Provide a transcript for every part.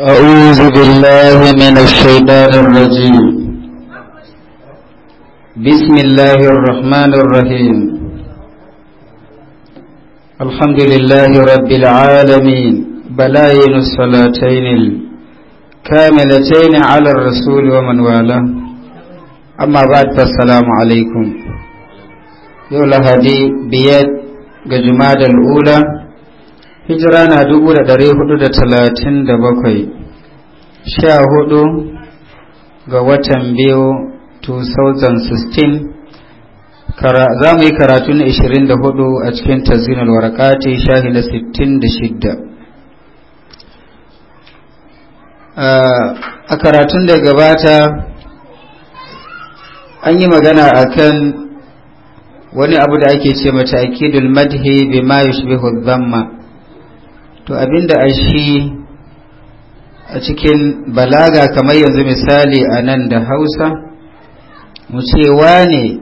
أعوذ بالله من الشيطان الرجيم بسم الله الرحمن الرحيم الحمد لله رب العالمين بلاين الصلاتين الكاملتين على الرسول ومن والاه أما بعد فالسلام عليكم يولا هدي بيد جماد الأولى hijira na dubu da ɗari hudu da talatin da bakwai sha hudu ga watan biyu 2016 za mu yi karatu na 24 a cikin tazinul warakati shahi na 66 a karatun da gabata an yi magana a kan wani abu da ake ce mata akidul madhi bima yushbihu dhamma to abinda a shi a cikin balaga kamar yanzu misali a nan da hausa mu cewa ne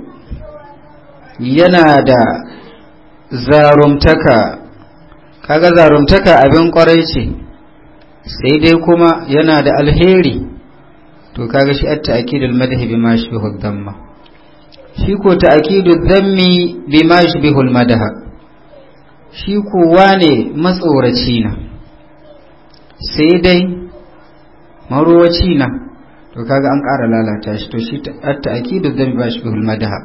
yana da zarumtaka kaga zarumtaka abin kwarai ce sai dai kuma yana da alheri to kaga shi at ta'kidul madhi shi shbihu dhamma shi ko akidul dhammi ma shi madha shi kowa ne matsoraci na sai dai marowaci na to kaga an ƙara lalata shi to shi ta da zan ba shi madaha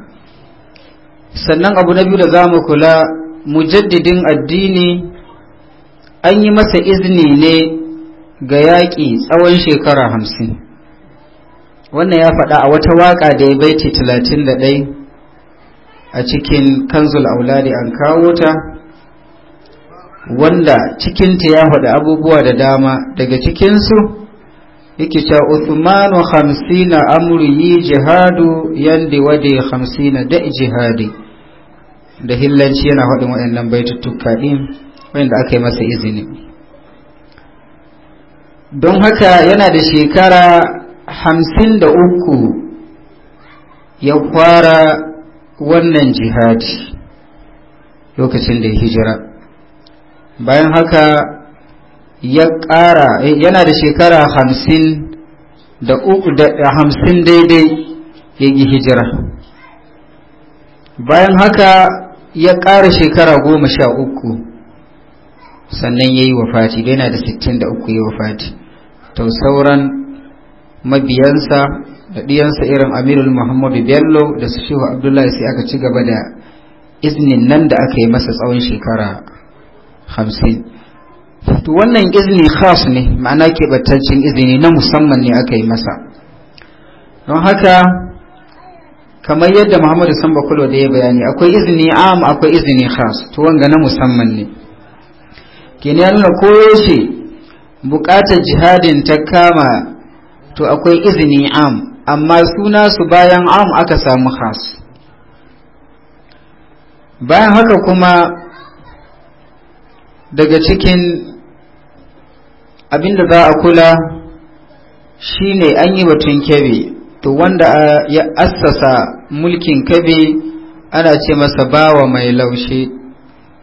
sannan abu na biyu da za mu kula mujaddidin addini an yi masa izini ne ga yaƙi tsawon shekara hamsin wannan ya faɗa a wata waƙa da ya baiti talatin da ɗai a cikin kanzul auladi an kawo ta wanda cikinta ya faɗi abubuwa da dama daga cikinsu yake cewa wa hamsina amri jihadu yandi wade hamsina da jihadi da hillanci yana faɗin waɗannan baituttuka din wanda aka yi masa izini don haka yana da shekara hamsin da uku ya fara wannan jihadi lokacin da ya hijira bayan haka ya ƙara eh, yana da shekara hamsin da uku da hamsin daidai ya yi hijira bayan haka ya ƙara shekara goma sha uku sannan ya yi wafati da yana da sittin da uku ya yi wafati to sauran mabiyansa da ɗiyansa irin amirul muhammadu bello da su shehu abdullahi sai aka ci gaba da iznin nan da aka yi masa tsawon shekara hamsin to wannan izini khas ne ma'ana keɓantaccen izini na musamman ne aka yi masa don haka kamar yadda muhammadu samba kulo da ya bayani akwai izini am akwai izini khas to wanga na musamman ne ke ne nuna koyaushe bukatar jihadin ta kama to akwai izini am amma suna su bayan am aka samu khas bayan haka kuma daga cikin abinda za a kula shine an yi batun kebe to wanda ya assasa mulkin kebe ana ce masa bawa mai laushe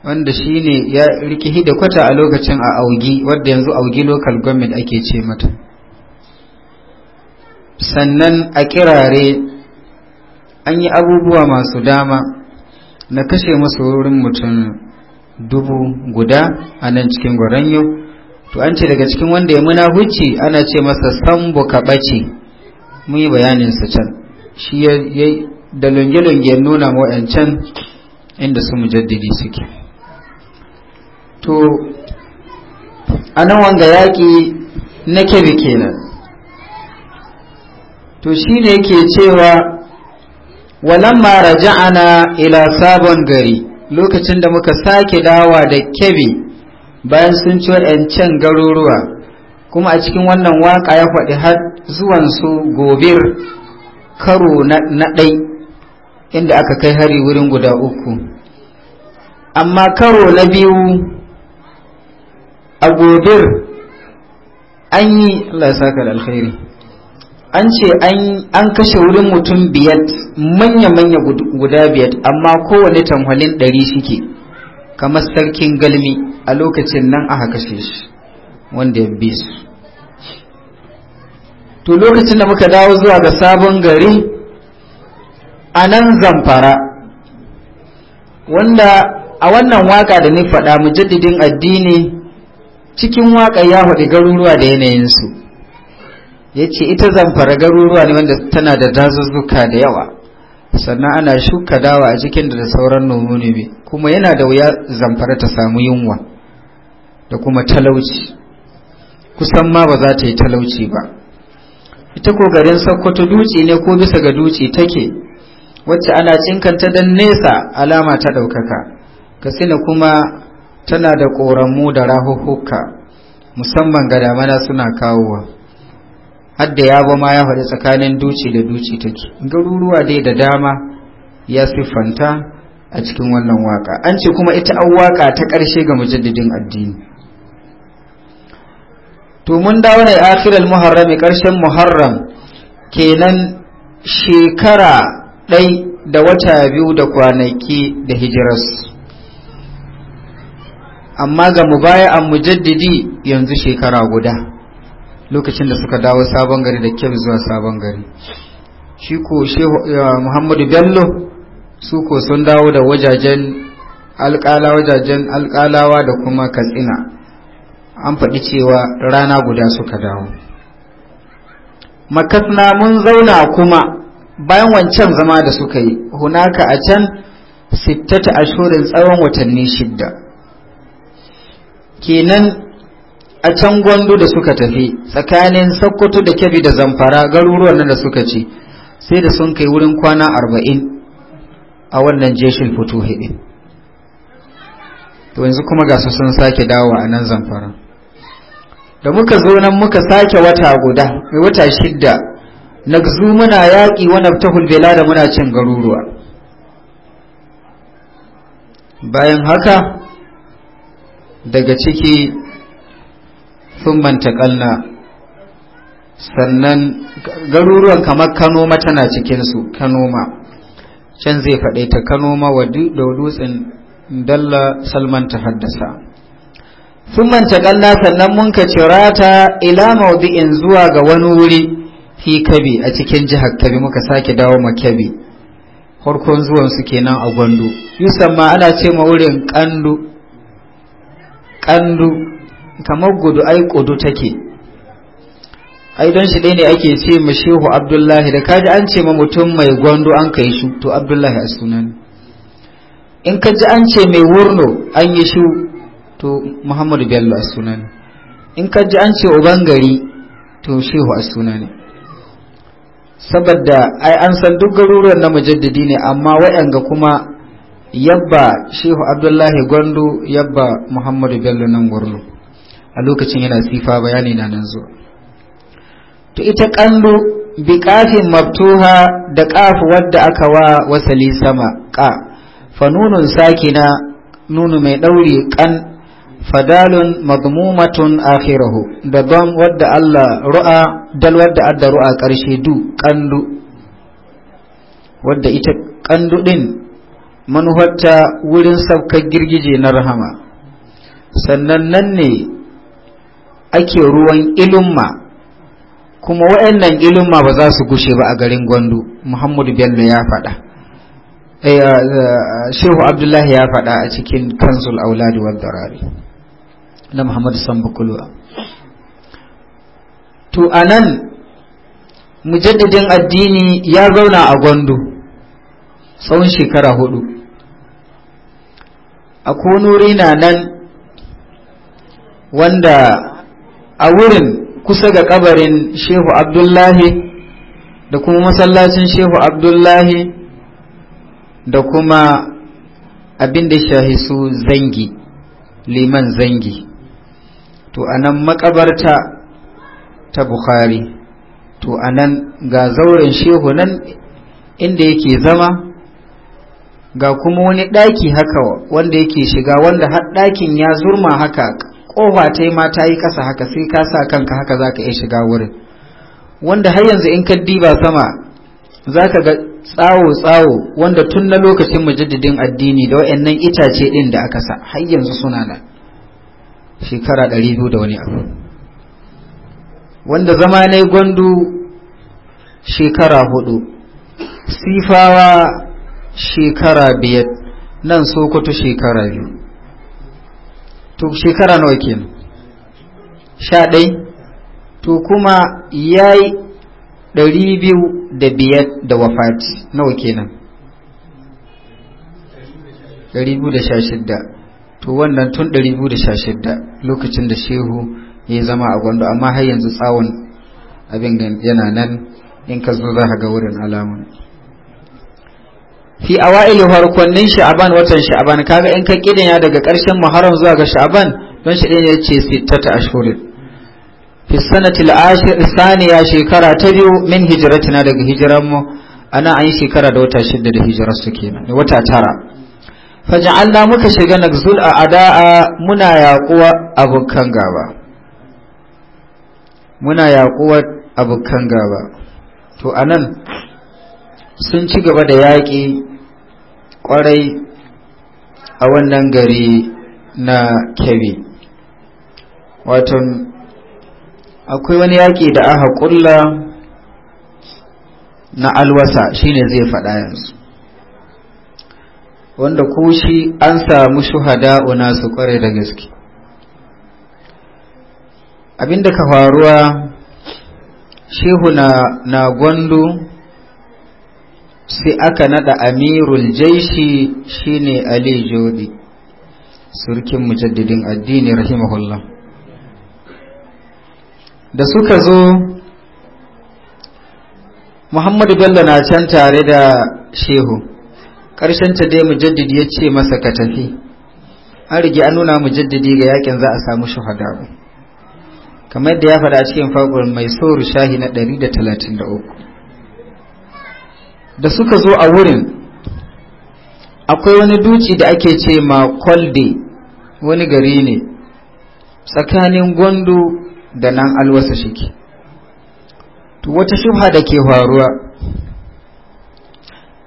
wanda shine ya riki da kwata a lokacin a augi wadda yanzu augi local government ake ce mata sannan a kirare an yi abubuwa masu dama na kashe masu wurin mutum dubu guda a nan cikin gwaranyo to an ce daga cikin wanda ya muna huci ana ce masa sambo ka ɓace mun yi bayanin sa can shi ya da lunge-lunge nuna wa'ancan inda su mujaddidi suke to a nan wanga yaƙi na kebe kenan to shi ne ke cewa walamma raja'ana ila sabon gari lokacin da muka sake dawa da kebe bayan sun ci waɗancan garuruwa kuma a cikin wannan waka ya faɗi har zuwansu gobir karo na ɗai inda aka kai hari wurin guda uku amma karo na biyu a gobir an yi Allah saka da alkhairi an ce an kashe wurin mutum biyar manya-manya guda biyar amma kowane tamhalin ɗari shike kamar sarkin galmi a lokacin nan aka kashe shi wanda ya bi su to lokacin da muka dawo zuwa ga sabon gari a nan zamfara wanda a wannan waka da ni faɗa mujaddidin addini cikin waka ya faɗi garuruwa da yanayinsu yace ce ita zamfara garuruwa ne wanda tana da dazuzzuka da yawa sannan ana shuka dawa a cikin da sauran nomu ne kuma yana da wuya zamfara ta samu yunwa da kuma talauci kusan ma ba za ta yi talauci ba ita ko garin sokoto duci ne ko bisa ga dutse take wacce ana cinkanta dan nesa alama ta ɗaukaka kasina kuma tana da ƙoramu da rahuhuka musamman ga damana suna kawowa har da ya ma ya faɗi tsakanin duci da duci take garuruwa dai da dama ya siffanta a cikin wannan waka an ce kuma ita an waka ta ƙarshe ga mujaddidin addini to mun dawo ne akhiral muharram ƙarshen muharram kenan shekara ɗai da wata biyu da kwanaki da hijiras amma ga mubaya'an mujaddidi yanzu shekara guda lokacin da suka dawo sabon gari da kyau zuwa sabon gari shi ko muhammadu bello su ko sun dawo da wajajen alƙala wajajen alƙalawa da kuma katsina an faɗi cewa rana guda suka dawo makasna mun zauna kuma bayan wancan zama da suka yi hunaka a can sittata ashurin tsawon watanni shidda kenan a can gwandu da suka tafi tsakanin sokoto da kebbi da zamfara garuruwan nan da suka ci sai da sun kai wurin kwana arba'in a wannan jeshin fito hidin to yanzu kuma ga sun sake dawo a nan zamfara da muka zo nan muka sake wata guda mai wata shidda na muna yaƙi wani abtahul bela da muna cin garuruwa bayan haka daga ciki sun mantakalna sannan garuruwan kamar kanoma tana cikinsu kanoma can zai faɗe ta kanoma da dutsen dalla salman ta haddasa sun mantakalna sannan mun ka ta ila maudi'in zuwa ga wani wuri fi kabi a cikin jihar kabi muka sake dawo ma kabi farkon zuwansu kenan a gwandu yusamma ana ce ma wurin kandu kandu kamar gudu ai kudu take ai don shi ɗaya ne ake ce ma shehu abdullahi da kaji an ce ma mutum mai gwando an kai shu to abdullahi a sunan in ka ji an ce mai wurno an yi shu to muhammadu bello a sunan in ka ji an ce uban gari to shehu a sunan saboda ai an san duk garuruwan na mujaddidi ne amma waɗanga kuma yabba shehu abdullahi gwando yabba muhammadu bello nan wurno a lokacin yana sifa bayani na nan zo to ita kallo bi kafin mabtuha da kaf wadda aka wa wasali sama ka fa nunun sakina nunu mai daure kan fadalun madmumatun akhirahu da dam wadda Allah ru'a dal wadda adda ru'a karshe du kallo wadda ita kallo din manuwarta wurin saukar girgije na rahama sannan nan ne ake ruwan ilimma kuma waɗannan ilimma ba za su gushe ba a garin gwandu muhammadu bello ya faɗa eh, eh, eh, shehu abdullahi ya faɗa a cikin kansul auladi wal darari na muhammadu sambukulwa to a nan mujaddadin addini ya zauna a gwandu tsawon shekara hudu a konuri na nan wanda a wurin kusa ga kabarin shehu abdullahi da kuma masallacin shehu abdullahi da kuma abin da shahi su zangi liman zangi to anan makabarta ta bukhari to anan ga zauren shehu nan inda yake zama ga kuma wani ɗaki haka wanda yake shiga wanda har ɗakin ya zurma haka kofa ta ma ta yi kasa haka sai ka sa kanka haka zaka iya shiga wurin wanda har yanzu in ka diba sama zaka ga tsawo tsawo wanda tun na lokacin mujaddidin addini da wayannan itace din da aka sa har yanzu suna nan shekara 200 da wani abu wanda zama ne gwandu shekara hudu sifawa shekara biyar nan sokoto shekara biyu to shekara nawa kenan sha ɗai to kuma ya yi ɗari biyu da biyar da wafati nawa kenan ɗari biyu da sha shidda to wannan tun ɗari biyu da sha shidda lokacin da shehu ya zama a gwando amma har yanzu tsawon abin yana nan in ka zo za ga wurin alamun fi awaili harkonnin sha'aban watan sha'aban kaga in ka kidanya daga ƙarshen muharram zuwa ga sha'aban don shi ne ce sittata ashhurin fi sanatil ashir saniya shekara ta biyu min hijratina daga hijiran mu ana an yi shekara da wata shida da hijirar su kenan wata tara faj'alna muka shiga nagzul a ada'a muna yaƙuwa abokan gaba muna yaƙuwa abokan gaba to anan sun ci gaba da yaƙi kwarai a wannan gari na kebe watan akwai wani yaƙi da aka ƙulla na alwasa shine zai faɗa yanzu wanda ko shi an samu shuhada ona su kware da gaske abinda ka faruwa shehu na, na sai aka nada amirul jaishi shine ali jodi surkin mujaddidin addini rahimahullah da suka zo muhammadu bello na can tare da shehu ta dai mujaddid ya ce masa ka tafi an rige an nuna mujaddidi ga yakin za a samu shahada kamar da ya faɗa cikin faƙon mai sauru shahi na 133 da suka zo a wurin akwai wani duci da ake ce ma kwalde wani gari ne tsakanin gwandu da nan alwasa shike to wata shubha da ke faruwa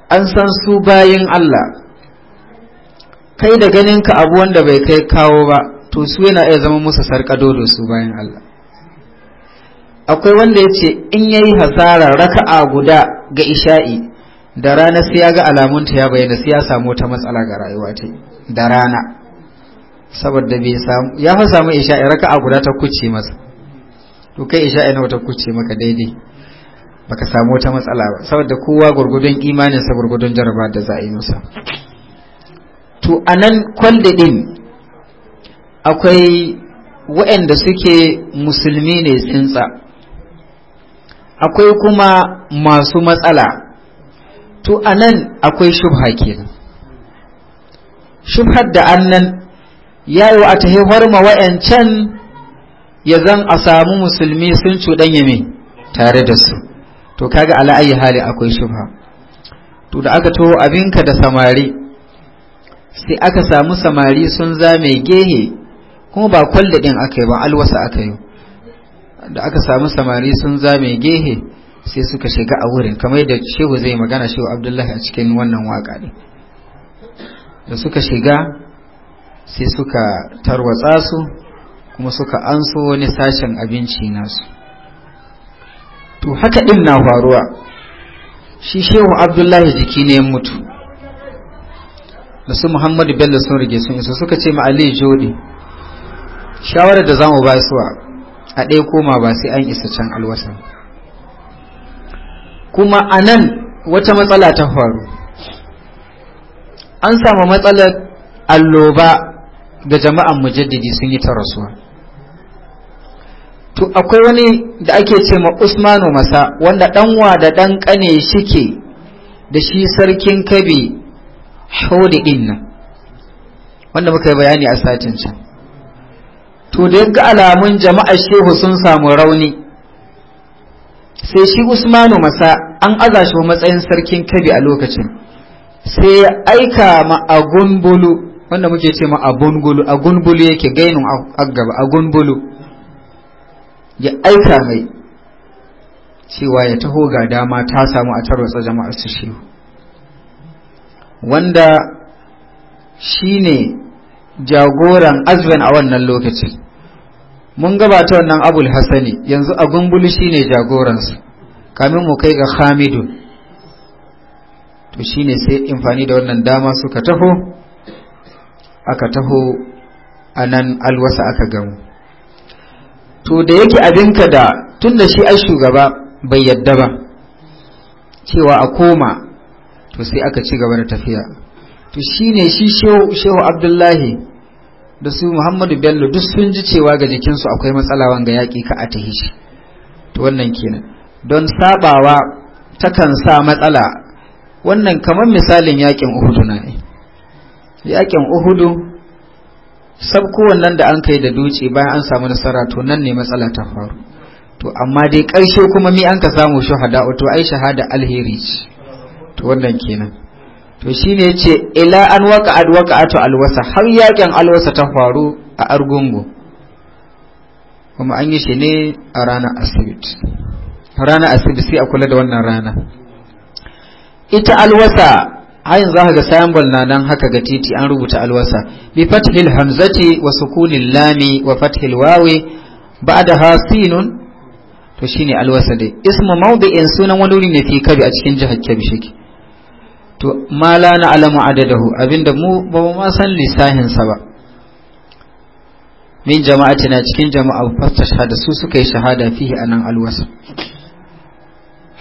an san su bayin Allah kai da ganin ka abu wanda bai kai kawo ba to su yana iya zama musu da su bayan Allah akwai wanda ya ce in yayi hasara raka'a guda ga isha'i da rana sai ya ga alamunta ya bayyana sai ya samu wata matsala ga rayuwa ta da rana saboda bai samu ya fa samu isha'i raka'a guda ta kuce masa to kai isha'i nawa ta kuce maka daidai baka samu wata matsala ba saboda kowa gurgudun imanin sa gurgudun jaraba da za a yi masa to anan kwalde din akwai waɗanda suke musulmi ne tsintsa akwai kuma masu matsala to anan akwai shubha kenan shubhar da annan yayi wa ta haihuwar ma wa'ancan ya zan a samu musulmi sun cuɗanya mai tare da su to kaga ala ayi hali akwai shubha to da aka to abinka da samari sai aka samu samari sun zame gehe kuma ba kwalle din aka yi ba alwasa aka yi da aka samu samari sun zame gehe sai suka shiga a wurin kamar yadda shehu zai magana shehu abdullahi a cikin wannan waka ne da suka shiga sai suka tarwatsa su kuma suka anso wani sashen abinci nasu to haka din na faruwa shi shehu abdullahi jiki ne mutu da su muhammadu bello sun rige sun iso suka ce ma ali jodi shawarar da za mu basuwa a ɗaya koma ba sai an isa can alwasan kuma a nan wata matsala ta faru an samu matsalar alloba ga jama'an mujaddidi sun yi ta rasuwa to akwai wani da ake ce usmanu masa wanda ɗanwa da ɗan ƙane shike da shi sarkin kabi hudin inna wanda muka yi bayani a satin can to da yaga alamun jama'a shehu sun samu rauni sai shi usmanu masa an aza shi matsayin sarkin kabi a lokacin sai ya aika ma a wanda muke ce ma a agunbulu yake gainin agaba a ya aika mai cewa ya taho ga dama ta samu a tarwatsa jama'ar su shi wanda shine jagoran azwen a wannan lokacin mun gabata wannan abul hasani yanzu a gumbulu shine jagoransu kamin mu kai ga Hamidu to shine sai amfani da wannan dama suka taho aka taho a nan alwasa aka gamu to da yake abinka da tun da shi ai shugaba bai yadda ba cewa a koma to sai aka ci gaba da tafiya to shine shi shehu abdullahi da su muhammadu bello duk sun ji cewa ga jikinsu akwai matsala wanga yaƙi ka a tahi shi to wannan kenan don sabawa takan sa matsala wannan kamar misalin yaƙin uhudu na ne yaƙin uhudu sabko wannan da an kai da dutse bayan an samu nasara to nan ne matsala ta faru to amma dai karshe kuma mi an ka samu shuhada to ai shahada alheri ce to wannan kenan to shine yace ila an waqa'at ato alwasa har yakin alwasa ta faru a argungu kuma an yi shi ne a ranar asibit ranar asibit sai a kula da wannan rana ita alwasa hayin za ga sayambol na nan haka ga titi an rubuta alwasa bi fathil hamzati wa sukunin lami wa fathil wawi ba'da hasinun to shine alwasa dai ismu mawdi'in sunan wani wuri ne fi kabi a cikin jihar kabi shike to ma la na alamu adadahu abinda mu ba mu san lissahin ba min jama'ati na cikin jama'a fasta shahada su suka yi shahada fihi anan alwasa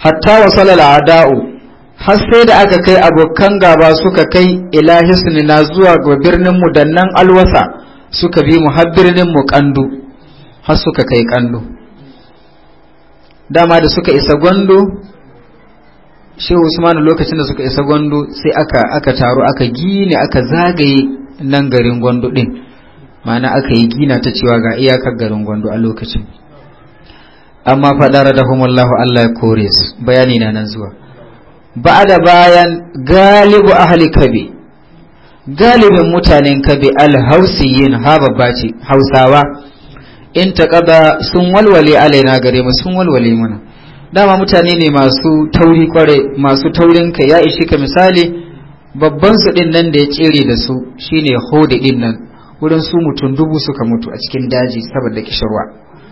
hatta wasala al'ada'u har sai da aka kai abokan gaba suka kai ila na zuwa ga birnin mu nan alwasa suka bi mu har birnin mu kandu har suka kai kandu dama da suka isa gwando shehu usmanu lokacin da suka isa gwandu sai aka aka taro aka gine aka zagaye nan garin gwandu din ma'ana aka yi gina ta cewa ga iyakar garin gwandu a lokacin amma faɗara da humallahu Allah ya kore su bayani na nan zuwa ba da bayan galibu ahli kabe galibin mutanen kabe alhausiyin haba babba ce hausawa in taƙaba sun walwale alaina gare mu sun walwale mana dama mutane ne masu tauri kware masu taurin kai ya ishi ka misali babban su din nan da ya tsere da su shine hode din nan wurin su mutum dubu suka mutu a cikin daji saboda kishirwa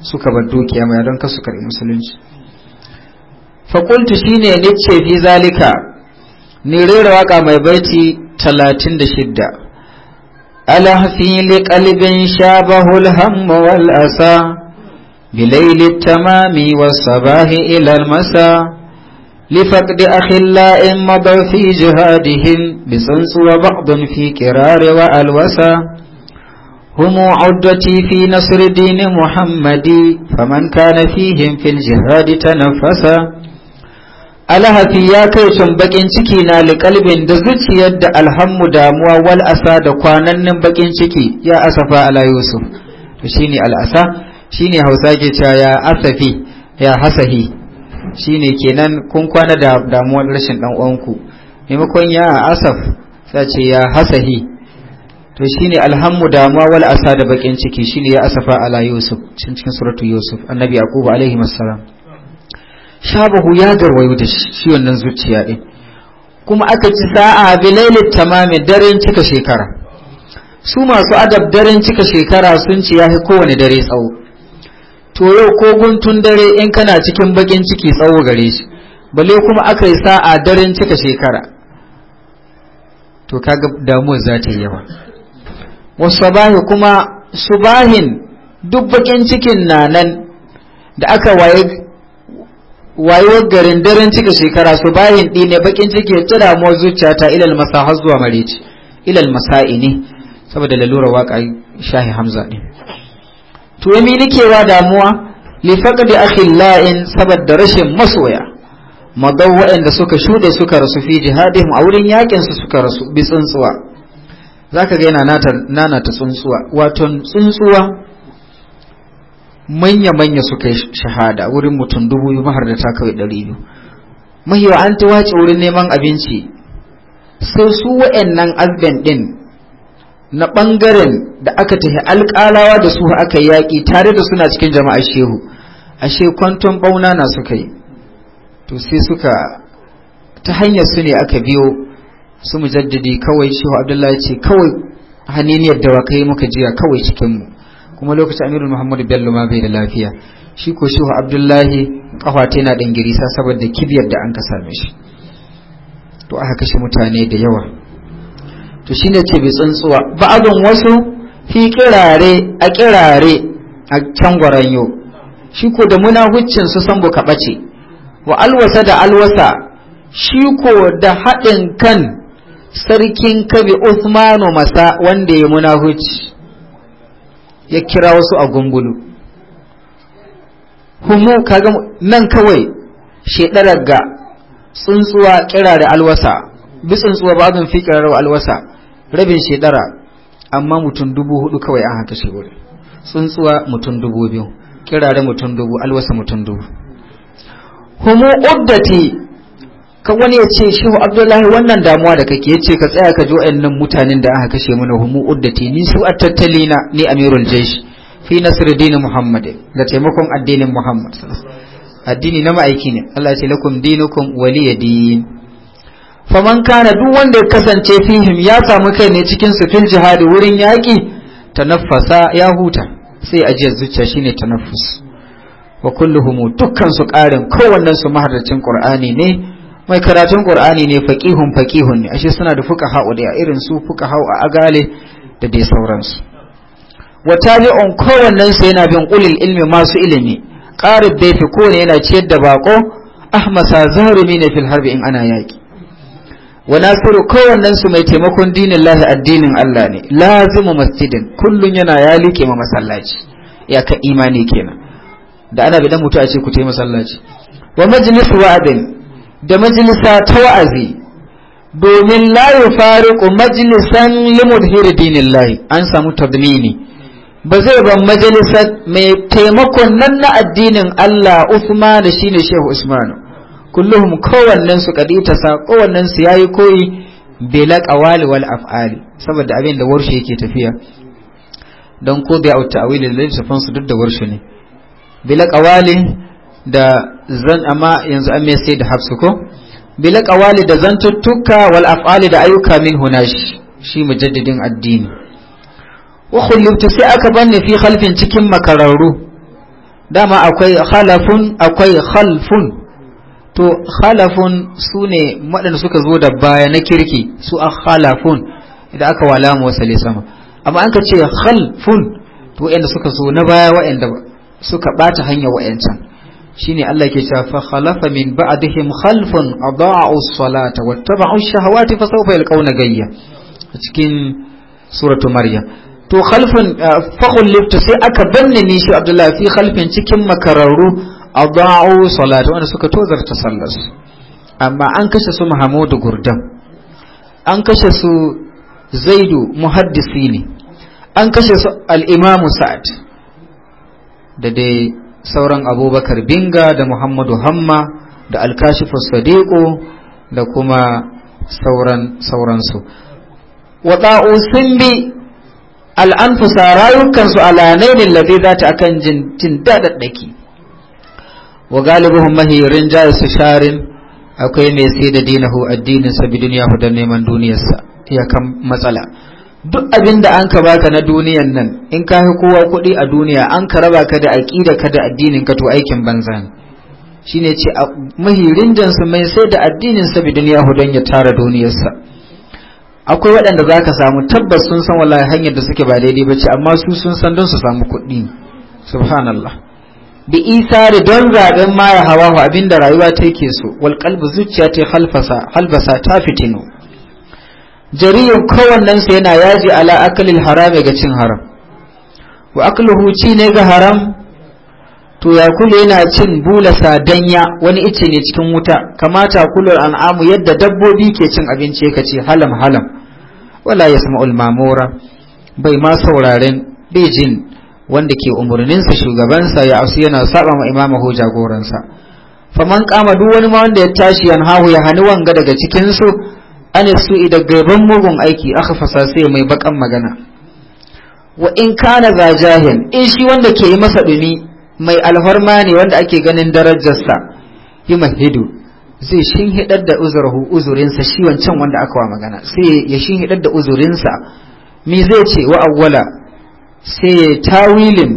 suka bar dukiya mai don kasu karɓi musulunci fakultu shine nice bi zalika ni rera waka mai baiti talatin da shidda alhafi li qalbin shabahul hamma wal asa بليل التمام والصباح إلى المساء لفقد أخلاء مضوا في جهادهم بصنص وبعض في كرار وألوسا هم عدتي في نصر دين محمد فمن كان فيهم في الجهاد تنفسا alhafi ya kai bakin ciki na liƙalbin da zuciyar da alhammu damuwa wal asa da kwanannin bakin ciki ya asafa ala yusuf to shine al'asa shine hausa ke cewa ya asafi ya hasahi shine kenan kun kwana da damuwar rashin dan uwanku maimakon ya asaf sai ce ya hasahi to shine alhammu damuwa wal asa da bakin ciki shine ya asafa ala yusuf cikin suratu yusuf annabi yaqub alaihi wassalam shabahu ya garwayo da shi wannan zuciya din kuma aka ci sa'a bilailit tamamin daren cika shekara su masu adab daren cika shekara sun ci ya kowane dare tsawo to yau ko guntun dare in kana cikin bakin ciki tsawo gare shi balle kuma aka yi sa'a daren cika shekara to kaga damuwar za ta yi yawa wasabahi kuma subahin duk bakin cikin na nan da aka waye wayewar garin daren cika shekara subahin ɗi ne bakin ciki ta damuwa zuciya ta ilal masaha har zuwa mareci ilal masa'i ne saboda lalura waka shahi hamza ne to mi nikewa damuwa li faqdi la'in saboda rashin masoya madaw wa'anda suka shude suka rasu fi jihadihim a wurin yakin su suka rasu bi tsuntsuwa zaka ga yana nana ta tsuntsuwa wato tsuntsuwa manya manya suka shahada wurin mutum dubu biyu mahar da ta kawai dari biyu mahiwa an ta wace wurin neman abinci sai su waɗannan azben ɗin na ɓangaren da aka tafi alƙalawa da su aka yaki tare da suna cikin jama'a shehu ashe kwanton bauna na suka yi to sai suka ta hanyar su ne aka biyo su mujaddadi kawai shehu abdullahi ce kawai haniniyar dawakai muka jiya kawai cikin mu kuma lokaci amirul muhammad bello ma bai da lafiya shi ko shehu abdullahi kawata yana ɗan girisa saboda kibiyar da an ka same shi to aka kashe mutane da yawa to shine ce bi tsuntsuwa ba'adun wasu fi kirare a kirare a can gwaranyo shi ko da muna huccin su san buka bace wa alwasa da alwasa shi ko da haɗin kan sarkin kabi Uthmanu masa wanda ya muna hucci ya kira wasu a gungulu humu kaga nan kawai shedarar ga tsuntsuwa kira alwasa bi tsuntsuwa babin fi kirar alwasa rabin shedara amma mutum dubu hudu kawai an haka shi wurin tsuntsuwa mutum dubu biyu kirare mutum dubu alwasa mutum dubu homo uddati ka wani ya ce shehu abdullahi wannan damuwa da kake ya ce ka tsaya ka jo nan mutanen da aka kashe mana homo uddati ni su a tattali na ni amirul jeshi fi nasir dini muhammad ga taimakon addinin muhammad addini na ma'aiki ne allah ya ce lakum dinukum waliyadin faman kana duk wanda ya kasance fihim ya samu kai ne cikin su fil jihadi wurin yaki tanaffasa ya huta sai ajiyar zuciya shine tanaffus wa kulluhum dukkan su ƙarin kowannen su maharracin qur'ani ne mai karatun qur'ani ne faqihun faqihun ne ashe suna da fuqaha da irin su fuqaha a agale da dai sauransu wa tabi'un kowannen su yana bin qulil ilmi masu ilimi qarib dai fi kone yana ciyar da bako ahmasa zarumi ne fil harbi in ana yaki wa nasiru kowannen su mai taimakon dinin lahi addinin Allah ne lazimu masjidin kullun yana ya like ma masallaci ya ka imani kenan da ana bidan mutu a ce ku taimaka masallaci wa majlis wa'adin da majlisa ta wa'azi domin la yufariqu majlisan limudhir dinillahi an samu tadmini ba zai ban majalisa mai taimakon nan na addinin Allah Usman shine Shehu Usman kulluhum kowannen su kadita sa kowannen su yayi koyi bila qawali wal af'ali saboda abin da warshe yake tafiya don ko da au ta'wili da littafin su duk da warshe ne bila qawali da zan amma yanzu an mai sai da hafsu ko bila qawali da zantuttuka wal af'ali da ayyuka min hunashi shi mujaddidin addini wa khullibtu sai aka banne fi khalfin cikin makararru dama akwai khalafun akwai khalfun to khalafun su ne waɗanda suka zo da baya na kirki su a khalafun idan aka wala mu wasale sama amma an ka ce khalfun to waɗanda suka zo na baya waɗanda suka ɓata hanya wayancan shine Allah ke cewa fa khalafa min ba'dihim khalfun adaa'u as-salata wattaba'u ash-shahawati fa sawfa yalqawna gayya cikin suratu maryam to khalfun ah, fa khullifta sai aka banne ni shi Abdullahi fi khalfin cikin makararru ada'u salatu wanda suka tozarta sallar su amma an kashe su Muhammadu Gurdam an kashe su Zaidu muhaddisi ne an kashe su al-Imam Sa'ad da dai sauran Abubakar Binga da Muhammadu Hamma da Al-Kashifu Sadiqu da kuma sauran sauransu waɗa'u sun bi al'anfusa rayukansu a lanainin zata za ta akan jin daɗaɗɗaki wa galibuhum mahirin su sharin akwai mai sai da dinahu addinin sa bi duniya hudan neman duniyarsa kan matsala duk abin da an ka baka na duniyan nan in ka fi kowa kuɗi a duniya an ka raba ka da aƙida ka da addinin ka to aikin banza ne shine ce mahirin jansu mai sai da addinin sa bi duniya hudan ya tara duniyarsa akwai waɗanda za ka samu tabbas sun san wallahi hanyar da suke ba daidai ba ce amma su sun san don su samu kuɗi subhanallah bi isa da don zaben ma ya hawa abinda rayuwa ta yake so wal qalbu zuciya ta halfasa halbasa ta fitinu ko kowannen sa yana yaji ala akalil harami ga cin haram wa akluhu ci ne ga haram to ya kula yana cin bulasa danya wani ice ne cikin wuta kamata kulul an'amu yadda dabbobi ke cin abinci ka ce halam halam wala yasma'ul mamura bai ma sauraren bai jin wanda ke umarninsa shugabansa ya asu yana saba ma imamahu jagoransa faman kama duk wani ma wanda ya tashi yan hahu ya hani wanga daga cikin su an su ida gaban mugun aiki aka sai mai bakan magana wa in kana za jahil in shi wanda ke yi masa dumi mai alhorma ne wanda ake ganin darajarsa yi mahidu zai hidar da uzurhu uzurinsa shi wancan wanda aka wa magana sai ya shin hidar da uzurinsa me zai ce wa awwala sai ya tawilin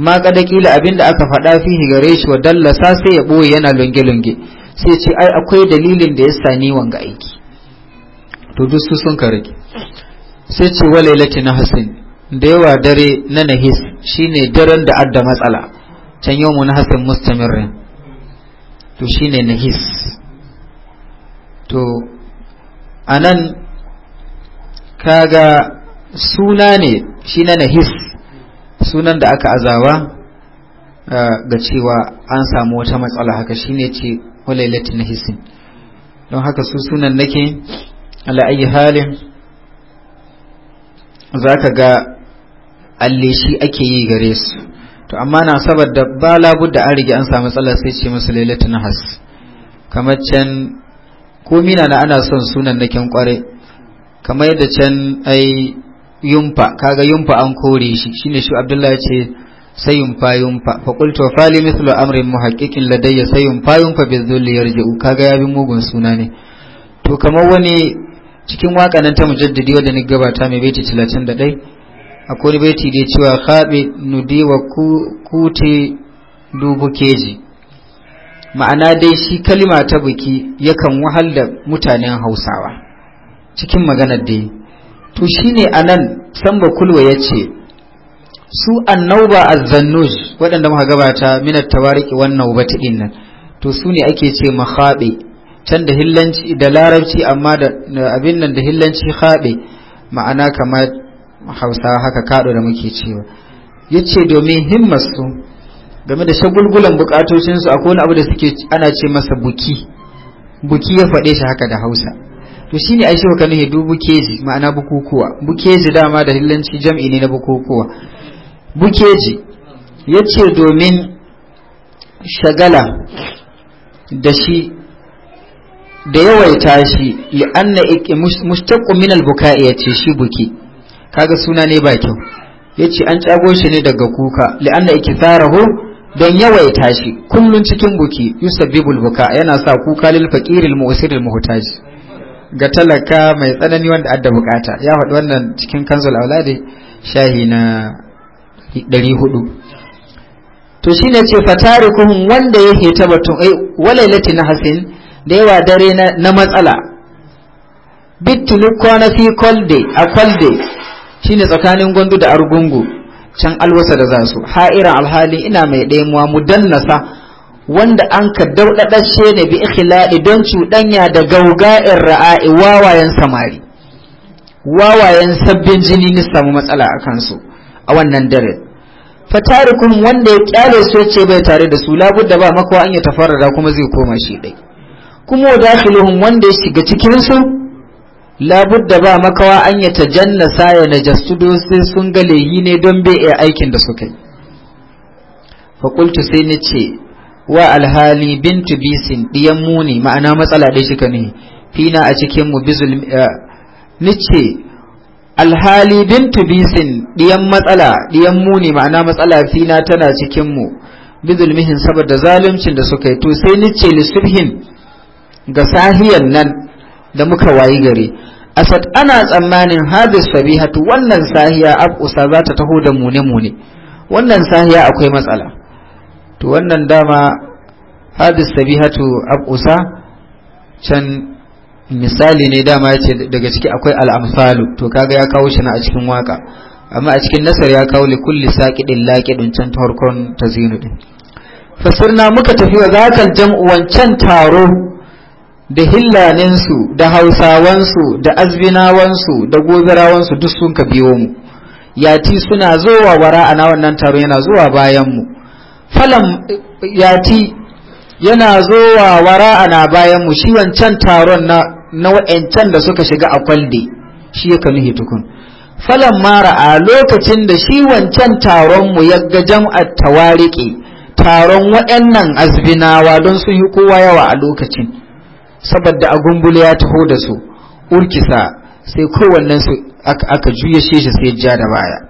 ma kada kila abinda aka faɗa fihi gare shi wa dallasa sai ya boye yana lunge-lunge sai ce ai akwai dalilin da ya sani wanga aiki to duk su sun karage sai ce wa na hasin da yawa dare na nahis shine daren da adda matsala can yau na hasin mustamirrin to shine nahis to anan kaga suna ne shi na nahis sunan da aka azawa eh, ga cewa an samu wata matsala haka shi ne ce walailatun nahisin don haka su sunan nake ala'ayi halin za ka ga alleshi ake yi gare su to amma na saboda ba da an rige an samu matsala sai ce musu lailatun nahas kamar can ko na ana son sunan naken kware kamar yadda can ai yumfa kaga yumfa an kore shi shine shi abdullahi ce sai yumfa yumfa fa qultu li mithlu amrin muhaqqiqin ladayya sai yumfa yumfa bi dhulli yarji'u kaga ya bi mugun suna ne to kamar wani cikin waka nan ta mujaddidi wanda ni gabata mai baiti 31 akwai baiti da cewa khabi nudi wa kuti dubu keji ma'ana dai shi kalima ta buki yakan wahal da mutanen hausawa cikin maganar dai to shine anan samba kulwa ya ce su annauba azannus waɗanda muka gabata minar tawariki wannan wata ɗin nan to su ne ake ce mahaɓe can da hillanci da larabci amma da abin nan da hillanci haɓe ma'ana kamar hausawa haka kaɗo da muke cewa ya ce domin himmasu game da shagulgulan bukatocinsu akwai wani abu da suke ana ce masa buki buki ya faɗe shi haka da hausa to shine ai sai kanin ya dubu keji ma'ana bukukuwa bukeji dama da hillanci jam'i ne na bukukuwa bukeji yace domin shagala da shi da yawaita shi li'anna mustaqqu min al-buka'i yace shi buki kaga suna ne ba kyau yace an cago shi ne daga kuka li'anna iktharahu don yawaita shi kullun cikin buki yusabbibul buka yana sa kuka lil faqiril mu'siril muhtaj ga talaka mai tsanani wanda adda bukata ya faɗi wannan cikin kanzul auladi shahi na 400 to shi ne ce fatarikuhum wanda yake ta batun ai eh, walailati na hasin da yawa dare na matsala bittulu kwana fi kolde a kolde shine tsakanin gwandu da argungu can alwasa da zasu ha'ira alhali ina mai ɗaimuwa mu mudannasa wanda an ka daudadashe ne bi ikhlali don cuɗanya da gauga'in ra'a'i wawayen samari wawayen sabbin jini ne samu matsala a kansu a wannan dare fatarikun wanda ya kyale su ce bai tare da su labudda ba makawa an ya tafarrada kuma zai koma shi dai kuma dakhiluhum wanda ya shiga cikin su labudda ba makawa an ya saya na jastudo sai sun ga lehi ne don bai iya aikin da suka yi fakultu sai ni ce wa alhali bintu bisin diyan muni ma'ana matsala dai shi ne fina a cikin mu bizul eh, nice alhali bintu bisin diyan matsala diyan muni ma'ana matsala fina tana cikin mu mihin saboda zaluncin da suka yi to sai nice lisubhin ga sahiyan nan da muka wayi gare asad ana tsammanin hadis sabihatu wannan sahiya abusa za ta taho da mune mune wannan sahiya akwai matsala to wannan dama hadis sabihatu abusa can misali ne dama yace daga ciki akwai al'amsalu to kaga ya kawo shi na a cikin waka amma a cikin nasar ya kawo likulli saƙiɗin laƙiɗin can ta ta din fasirna muka tafi wa zakal jam'u taro da hillaninsu da hausawansu da azbinawansu da gozarawansu duk sun ka biyo mu yati suna zowa wara na wannan taro yana zuwa bayan mu falam yati yana zowa wara ana bayan mu shi wancan taron na na wa'ancan da suka shiga a kwalde shi ya kanu tukun falan mara a lokacin da shi wancan taron mu ya ga jam'at tawariki taron waɗannan azbinawa don sun yi kowa yawa a lokacin saboda a gumbule ya taho da su urkisa sai kowannen su aka juya shi sai ja da baya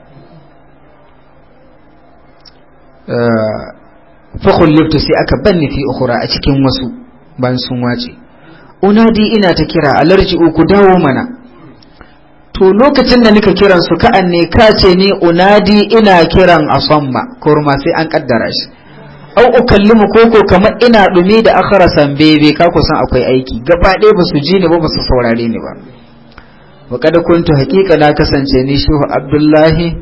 fakulliftu sai aka banni fi ukura a cikin wasu ban sun wace unadi ina ta kira alarji uku dawo mana to lokacin da nika kiran su ka'an ne ka ce ni unadi ina kiran asamma kurma sai an kaddara shi au ukallimu koko kamar ina dumi da akhara sambebe ka kusan akwai aiki gaba ɗaya ba su ji ni ba ba su saurare ni ba wa kada kuntu hakika na kasance ni shehu abdullahi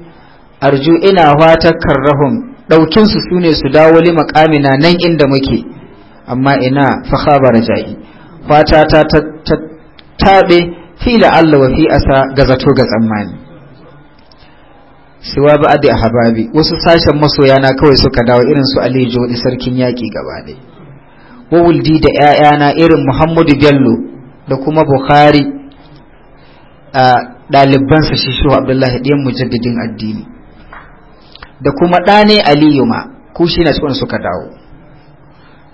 arju ina fata karrahum ɗaukinsu su ne su dawo lima nan inda muke amma ina fahabar ja'i fata ta taɓe fi Allah wa fi asa gazato ga tsammani siwa ba a hababi wasu sashen masoya na kawai suka dawo irin su aliyu jodi sarkin yaƙi gaba ɗaya wawuldi da 'ya'yana irin muhammadu bello da kuma bukhari a ɗalibansa shi abdullahi ɗiyan mujaddadin addini da kuma ɗane aliyu ma ku shi na cikin suka dawo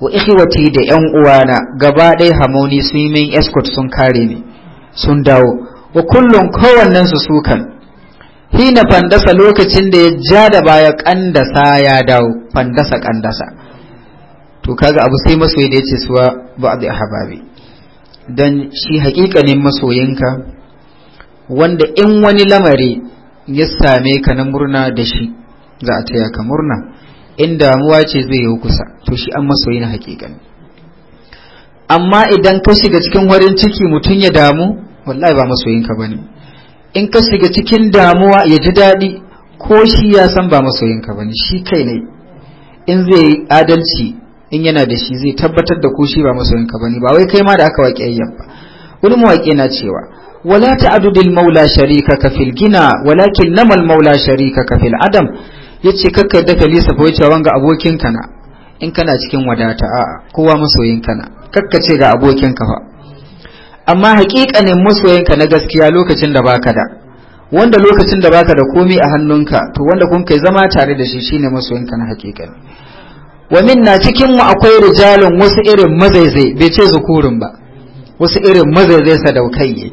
wa ikhiwati da yan uwana gaba ɗaya hamoni sun yi min escort sun kare ni sun dawo wa kullum kowannen su sukan hina fandasa lokacin da ya ja da baya kandasa ya dawo fandasa kandasa to kaga abu sai masoyi da yace suwa ba'd ahbabi dan shi hakikanin masoyinka wanda in wani lamari ya same ka na murna da shi za a taya ka murna in damuwa ce zai yi kusa to shi an masoyi na ne amma idan ka shiga cikin warin ciki mutum ya damu wallahi ba masoyinka ba ne in ka shiga cikin damuwa ya ji daɗi ko shi ya san ba masoyinka ba ne shi kai ne in zai yi adalci in yana da shi zai tabbatar da ko shi ba masoyinka ba ne ba wai kai ma da aka waƙe ayyan ba wani mawaƙi na cewa wala ta'adudil maula sharika ka fil gina walakin namal maula sharika ka fil adam ya ce da kalisa ko lisa wanga abokin kana in kana cikin wadata a kowa masoyin kana kakka ce ga abokin ka fa amma haƙiƙanin masoyin ka na gaskiya lokacin da baka da wanda lokacin da baka da komai a hannunka to wanda kun kai zama tare da shi shine masoyin ka na haƙiƙa wa minna cikin mu akwai rijalun wasu irin mazaizai bai ce zukurin ba wasu irin mazaizai sadaukai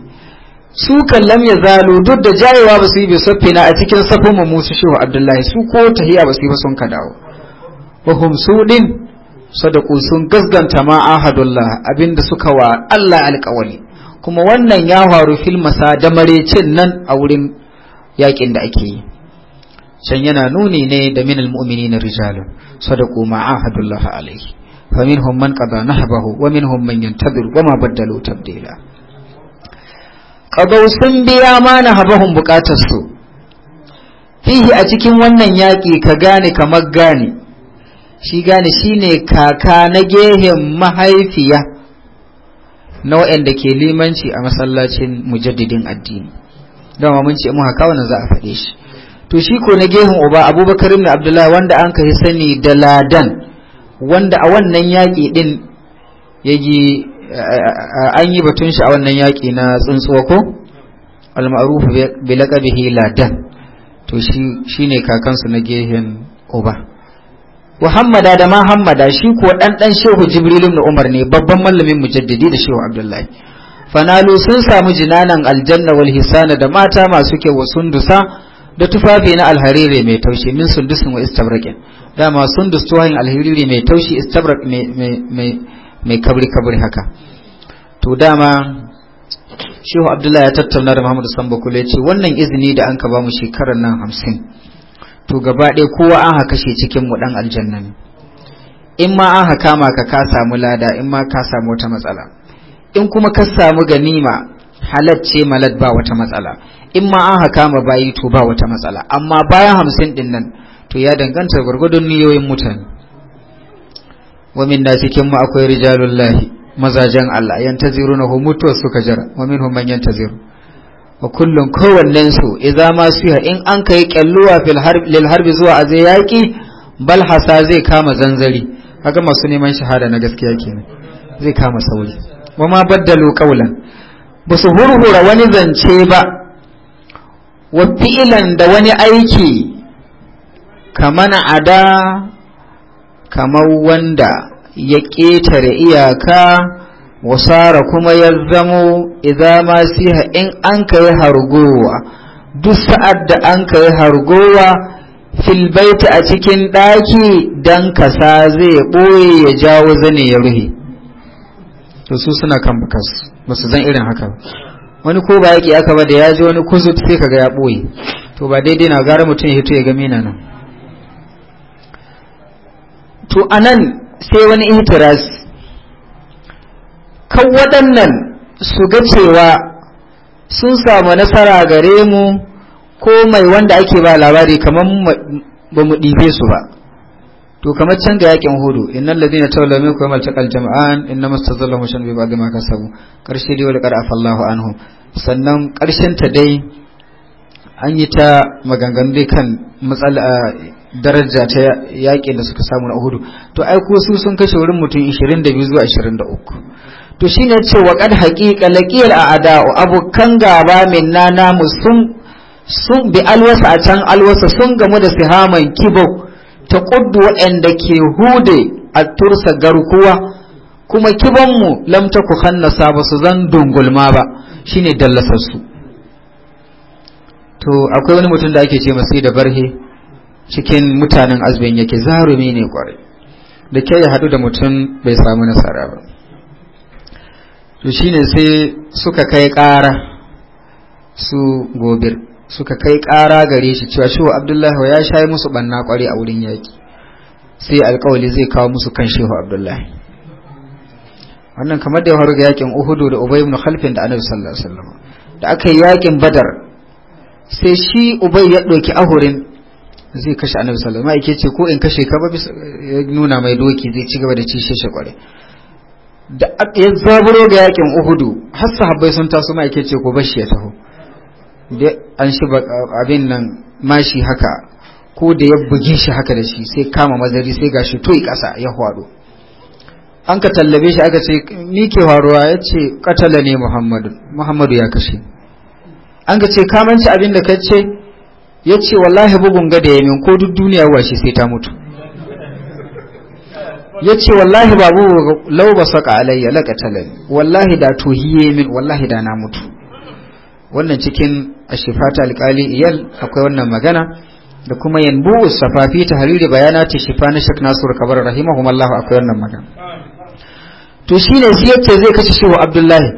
su kallam ya zalu duk da jayewa ba su yi na a cikin safin mu musu shehu abdullahi su ko tahiya ba su yi ba sun ka dawo wa hum sudin sadaku sun gasganta ma ahadullah abinda suka wa Allah alƙawari kuma wannan ya faru fil masa da marecin nan a wurin yakin da ake yi can yana nuni ne da minal mu'minina rijalun sadaku ma ahadullah alaihi faminhum man qada nahbahu wa minhum man yantadir wa ma badalu tabdila qadau sun biya mana habahun bukatar su fihi a cikin wannan yaƙi ka gane kamar gane shi gane shine kaka na gehen mahaifiya na waɗanda ke limanci a masallacin mujaddidin addini don mun ce mu haka wannan za a faɗe shi to shi ko na gehen uba abubakar ibn abdullahi wanda an kai sani da ladan wanda a wannan yaƙi din ya an yi batun shi a wannan yaƙi na tsuntsuwa ko al-ma'ruf bi laqabihi ladan to shi shine kakansu na gehen uba Muhammad da ma shi ko dan dan Shehu Jibril ibn Umar ne babban mallamin mujaddidi da Shehu Abdullahi fanalu sun samu jinanan aljanna wal hisana da mata masu kyau sundusa da tufafi na alharire mai taushi min sundusin wa istabraqin dama sundus tuwayin alharire mai taushi istabraq mai mai mai kabri kabri haka to dama shehu abdullahi ya tattauna da muhammadu sambo kula ya ce wannan izini da an ka ba shekarar nan hamsin to gaba ɗaya kowa an haka shi cikin mu ɗan aljanna ne in ma an haka ma ka ka samu lada in ma ka samu wata matsala in kuma ka samu ganima halal ce malad ba wata matsala in ma an haka ma bayi to ba wata matsala amma bayan hamsin ɗin nan to ya danganta gwargwadon niyoyin mutane wa min na cikin mu akwai rijalun lahi mazajen Allah yan taziru na mutuwar suka jira wa min hum yan taziru wa kullum kowannen su idza ma suya in an kai kyalluwa fil harb lil harbi zuwa a zai yaki bal hasa zai kama zanzari kaga masu neman shahada na gaskiya kenan zai kama sauri wa ma baddalu qawlan basu hurhura wani zance ba wa fi'lan da wani aiki kamana ada kamar wanda ya ƙetare iyaka wasara kuma ya zamo idza ma siha in an kai hargowa duk sa'ad da an kai hargowa fil baiti a cikin ɗaki dan kasa zai ɓoye ya jawo zane ya ruhe to su suna kan bakas ba su zan irin haka wani ko ba yaƙi aka ba da ya ji wani kuzut sai kaga ya ɓoye to ba daidai na gara mutum ya hito ya ga mina nan to anan sai wani itiraz kan waɗannan su ga cewa sun samu nasara gare mu ko mai wanda ake ba labari kamar ba mu ɗife su ba to kamar can da yakin hudu innal ladina tawallu minkum yawmal taqal jama'an inna istazallahum shan bi ba'd ma kasabu karshe dai wala qara afallahu anhu sannan karshen ta dai an yi ta maganganun kan matsala daraja ta yaƙin da suka samu na Uhudu to ai ko su sun kashe wurin mutum 22 zuwa 23 to shine ce wa qad haqiqa laqiyal a'da'u abukan gaba min nana musum sun bi alwasa a can alwasa sun gamu da sihaman kibo ta ƙuddu waɗanda ke hude a tursa garkuwa kuma kibonmu lamta ku hannasa ba su zan dungulma ba shine dallasarsu to akwai wani mutum da ake ce masu da barhe cikin mutanen azbin yake zarumi ne kwarai da ke ya hadu da mutum bai samu nasara ba to shine sai suka kai kara su gobir suka kai kara gare shi cewa shehu abdullahi ya shayi musu banna kwarai a wurin yaƙi sai alkawali zai kawo musu kan shehu abdullahi wannan kamar da ya faru ga yakin uhudu da ubay ibn khalfin da annabi sallallahu alaihi wasallam da aka yi yakin badar sai shi ubay ya ɗauki ahurin zai kashe annabi sallallahu alaihi wasallam ce ko in kashe ka ba ya nuna mai doki zai ci gaba da ci shi kware da ya zaburo ga yakin uhudu har sahabbai sun taso ma ce ko bashi ya taho da an shi abin nan mashi haka ko da ya bugi shi haka da shi sai kama mazari sai gashi toyi kasa ya hwado an ka tallabe shi aka ce ni ke hwaruwa ya ce katala ne muhammadu muhammadu ya kashe an ka ce kamanci abin da ka ce ya ce wallahi bugun gada yamin ko duk duniya washe sai ta mutu ya ce wallahi babu lauba saka alayya laƙatalar wallahi da tohiye min wallahi da na mutu wannan cikin ashifata alƙali iyal akwai wannan magana da kuma yanbu safafi ta hariri bayana ta shifa na shak nasiru kabar Allahu akwai wannan magana to shine sai yace zai kashe shehu abdullahi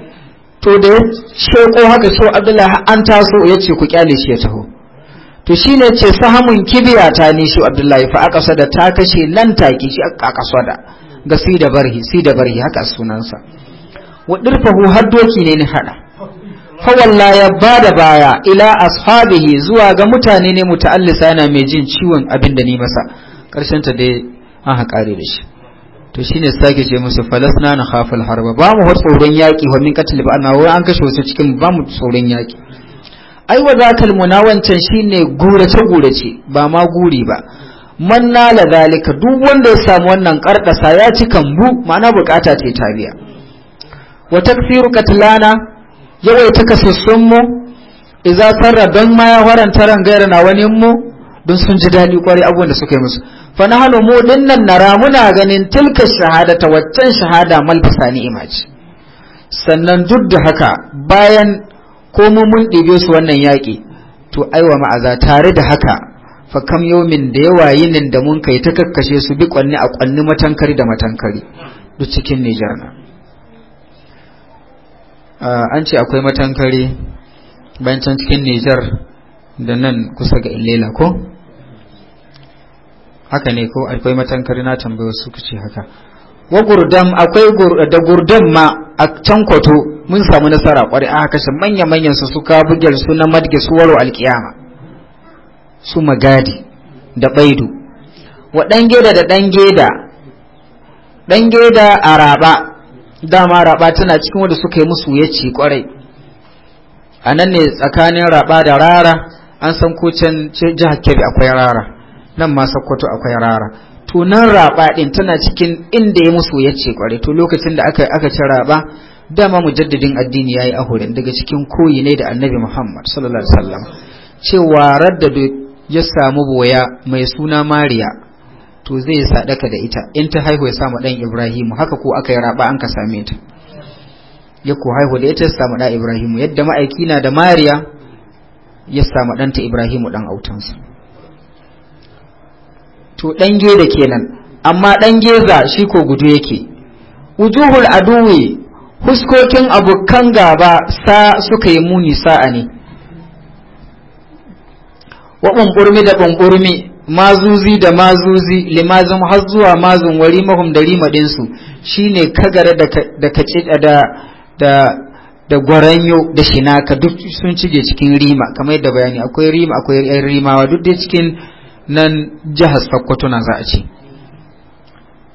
to da ya ko haka shehu abdullahi an taso ya ce ku kyale shi ya taho to shine ce sahamun kibiya ta ni shi abdullahi fa aka sada ta kashe nan take shi aka sada ga si da barhi si da barhi haka sunansa wa dirfahu har doki ne ni hada fa wallahi ya bada baya ila ashabihi zuwa ga mutane ne muta'allisa yana mai jin ciwon abin da ni masa karshen ta dai an hakare da shi to shine sake ce musu falasna na khafal harba ba mu tsoron yaki wa min qatl ba an kashe wasu cikin ba mu tsoron yaki ai wa zakal munawancan shine gurace gurace ba ma guri ba man nala zalika duk wanda ya samu wannan karkasa ya ci kambu ma'ana bukata ce ta biya wa taksiru katlana yawaita kasassun mu idza sarra don ma ya waranta taran gairar na wani mu don sun ji daɗi kwarai abubuwan da suka yi musu fa na hannu mu dinnan nara muna ganin tilka shahada ta waccan shahada malfasa ni'ima sannan duk da haka bayan ko mu mun ɗebe su wannan yaƙi to aiwa ma'aza tare da haka fa kam yomin da yawa yinin da mun kai ta kakkashe su bi kwanni a kwanni matankari da matankari duk cikin niger na an ce akwai matankari bayan can cikin niger da nan kusa ga Ilela ko haka ne ko akwai matankari na tambaye su kace haka wa gurdam akwai da gurdam ma a can kwato mun samu nasara kwarai aka kashe manya-manyan su suka bugyar su na madge su waro alkiyama su magadi da baidu wa dan geda da dan geda dan geda a raba dama raba tana cikin wanda suka yi musu yace kwarai a nan ne tsakanin raba da rara an san ko can jihar kebbi akwai rara nan ma sokoto akwai rara to nan raba din tana cikin inda ya musu ya ce kwarai to lokacin da aka aka ci raba dama mujaddidin addini yayi ahurin daga cikin koyi ne da annabi Muhammad sallallahu alaihi wasallam cewa raddadu ya samu boya mai suna Mariya to zai sadaka da ita in ta haihu ya samu dan Ibrahim haka ko aka yi raba an ka same ta ya ko haihu da ita ya samu da Ibrahim yadda ma'aiki na da Mariya ya samu ɗanta Ibrahim ɗan autansa to ɗan geda kenan amma ɗan geza shi ko gudu yake wujuhul aduwi huskokin abokan gaba sa suka yi muni sa'a ne wa ɓunɓurmi da ɓunɓurmi mazuzi da mazuzi limazin har zuwa mazun wari mahum da rimadinsu shi ne kagara da kaci da da da gwaranyo da shinaka duk sun cige cikin rima kamar yadda bayani akwai rima akwai yan rimawa duk dai cikin nan jihar Sokoto na za a ce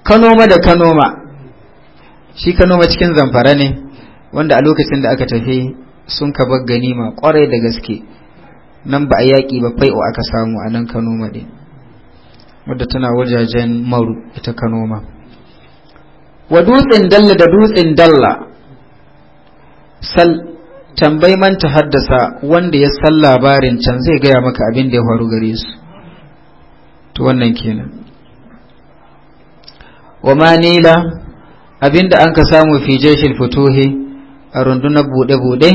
kanoma da kanoma shi kanoma cikin zamfara ne wanda a lokacin da aka tafi sun ka bar ganima kwarai da gaske nan ba a yaƙi ba fai'o aka samu a nan kanoma ɗin wadda tana wajajen maru ita kanoma wa dutsen dalla da dutsen dalla sal tambayi man ta haddasa wanda ya san labarin can zai gaya maka abin da ya faru gare su to wannan kenan wa manila abinda an ka samu fi jeshin futuhi a rundunar bude-bude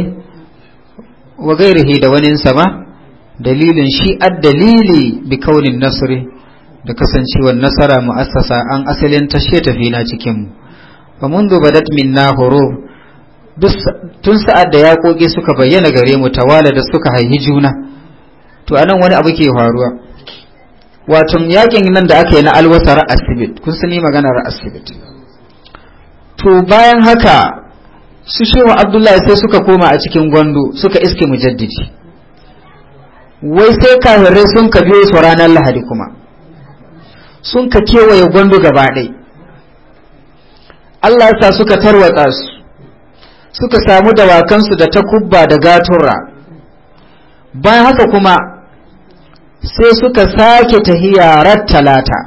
wa gairihi da wani sama dalilin shi dalili bi kaunin nasri da kasancewar nasara mu'assasa an asalin tashe tafina cikinmu fa mundu badat na horo tun sa'ad da yaƙoƙi suka bayyana gare mu tawala da suka haihi juna to anan wani abu ke faruwa wato yakin nan da aka yi na alwasar asibit kun sani maganar asibit to bayan haka su shehu abdullahi sai suka koma a cikin gwando suka iske mujaddidi wai sai kafirai sun ka biyo su ranar lahadi kuma sun ka kewaye gwando gaba ɗai allah sa suka tarwatsa su suka samu dawakansu da takubba da gatura bayan haka kuma sai suka sake tahiya rat talata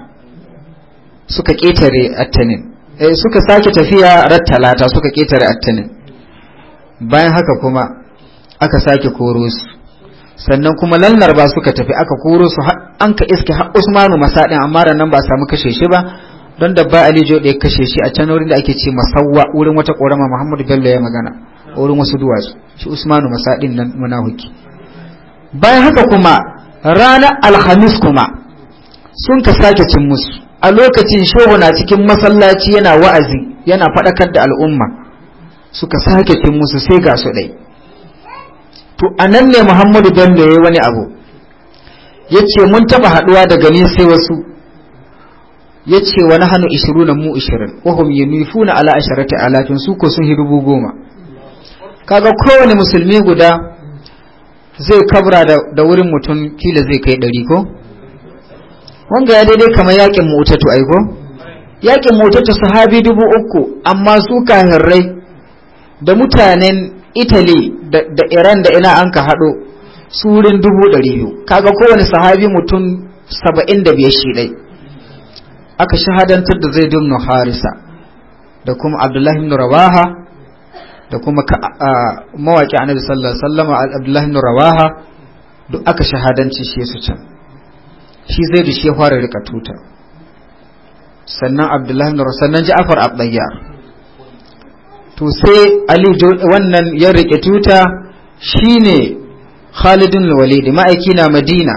suka ketare attanin eh suka sake tafiya rat talata suka ketare attanin bayan haka kuma aka sake koro su sannan kuma lallar ba suka tafi aka koro su an ka iske har Usmanu Masadin amma nan ba samu kashe shi ba don da ba Ali Jode kashe shi a can wurin da ake ce masawwa wurin wata korama Muhammadu Bello ya magana wurin wasu duwatsu shi Usmanu Masadin nan muna munahuki bayan haka kuma ranar alhamis kuma sun ka sake cin musu a lokacin shehu na cikin masallaci yana wa'azi yana faɗakar da al'umma suka sake cin musu sai ga su ɗai to a nan ne muhammadu bello ya yi wani abu ya ce mun taɓa haɗuwa daga gani sai wasu ya ce wani hannu ishirin na mu ishirin wahum yi nufuna ala asharata alafin su ko sun hidubu goma kaga kowane musulmi guda zai kabra da wurin mutum kila zai kai ɗari ko wanda ya daidai kamar yakin mutatu ai ko yakin mutatu sahabi dubu uku amma su kahirrai da mutanen italy da iran da ina anka ka haɗo su wurin dubu ɗari biyu kaga kowane sahabi mutum saba'in da biyar shi ɗai aka shahadantar da zai dimnu harisa da kuma abdullahi ibn rawaha da kuma mawaƙi annabi sallallahu alaihi wasallam abdullahi ibn rawaha duk aka shahadanci shi su can shi zai da shi fara rika tuta sannan abdullahi ibn rawaha sannan ja'far abdayya to sai ali wannan ya rike tuta shine khalidun walidi ma'aiki na madina